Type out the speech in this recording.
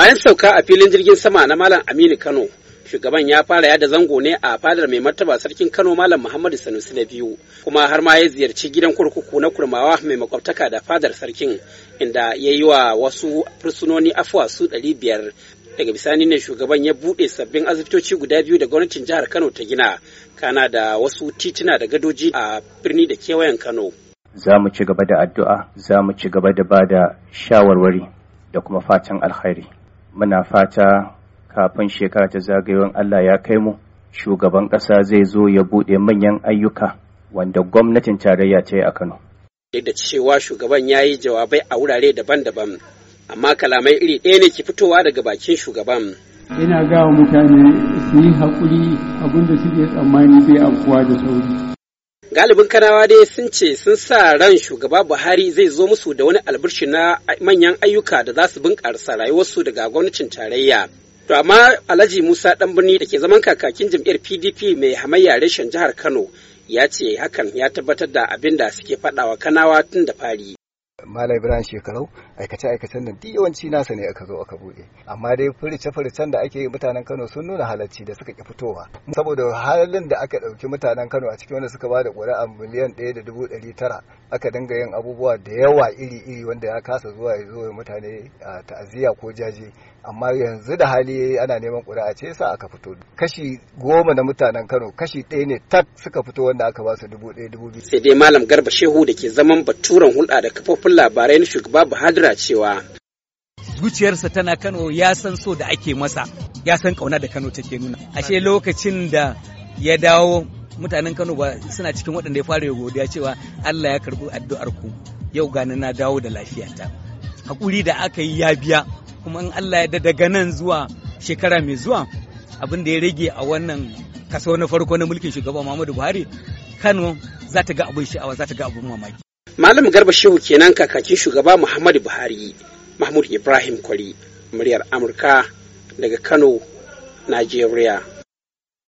bayan sauka a filin jirgin sama na malam aminu kano shugaban ya fara yada zango ne a fadar mai martaba sarkin kano malam muhammadu sanusi na biyu kuma har ma ya ziyarci gidan kurkuku na kurmawa mai makwabtaka da fadar sarkin inda ya yi wa wasu fursunoni afuwa su ɗari biyar daga bisani ne shugaban ya buɗe sabbin asibitoci guda biyu da gwamnatin jihar kano ta gina kana da wasu tituna da gadoji a birni da kewayen kano za mu ci gaba da addu'a za mu ci gaba da ba da shawarwari da kuma fatan alkhairi muna fata kafin shekara ta zagayowar Allah ya kai mu shugaban ƙasa zai zo ya buɗe manyan ayyuka wanda gwamnatin tarayya ta yi a Kano. Duk da cewa shugaban ya yi jawabai a wurare daban-daban, amma kalamai iri ɗaya ne ke fitowa daga bakin shugaban. Ina gawa mutane su yi haƙuri abinda suke tsammani bai kuwa da sauri. galibin kanawa dai sun ce sun sa ran shugaba buhari zai zo musu da wani albarshi na manyan ayyuka da za su bunƙasa rayuwarsu daga gwamnatin tarayya to amma alhaji musa birni da ke zaman kakakin jam'iyyar pdp mai hamayya reshen jihar kano ya ce hakan ya tabbatar da abin da suke faɗawa kanawa tun da fari Malam Ibrahim shekarau aikace aikacen nan duk yawanci nasa ne aka zo aka bude amma dai furice furicen da ake mutanen Kano sun nuna halacci da suka ki fitowa saboda halin da aka dauki mutanen Kano a cikin wanda suka ba da ƙuri'a miliyan ɗaya da dubu ɗari tara aka dinga yin abubuwa da yawa iri iri wanda ya kasa zuwa ya zo mutane a ta'aziyya ko jaje amma yanzu da hali ana neman ƙuri'a ce sa aka fito kashi goma na mutanen Kano kashi ɗaya ne tat suka fito wanda aka ba su dubu ɗaya dubu biyu sai dai malam Garba Shehu da ke zaman baturen hulɗa da kafofin shafin labarai na shugaba Bahadura cewa zuciyarsa tana Kano ya san so da ake masa ya san kauna da Kano take nuna ashe lokacin da ya dawo mutanen Kano ba suna cikin waɗanda ya fara godiya cewa Allah ya karɓi addu'ar ku yau gani na dawo da lafiyata hakuri da aka yi ya biya kuma in Allah ya da daga nan zuwa shekara mai zuwa abin da ya rage a wannan kaso na farko na mulkin shugaba Muhammadu Buhari Kano za ta ga abin sha'awa za ta ga abin mamaki Malam Garba Shehu kenan kakakin shugaba Muhammadu Buhari, Mahmud Ibrahim Kwari, muryar Amurka daga Kano, Najeriya.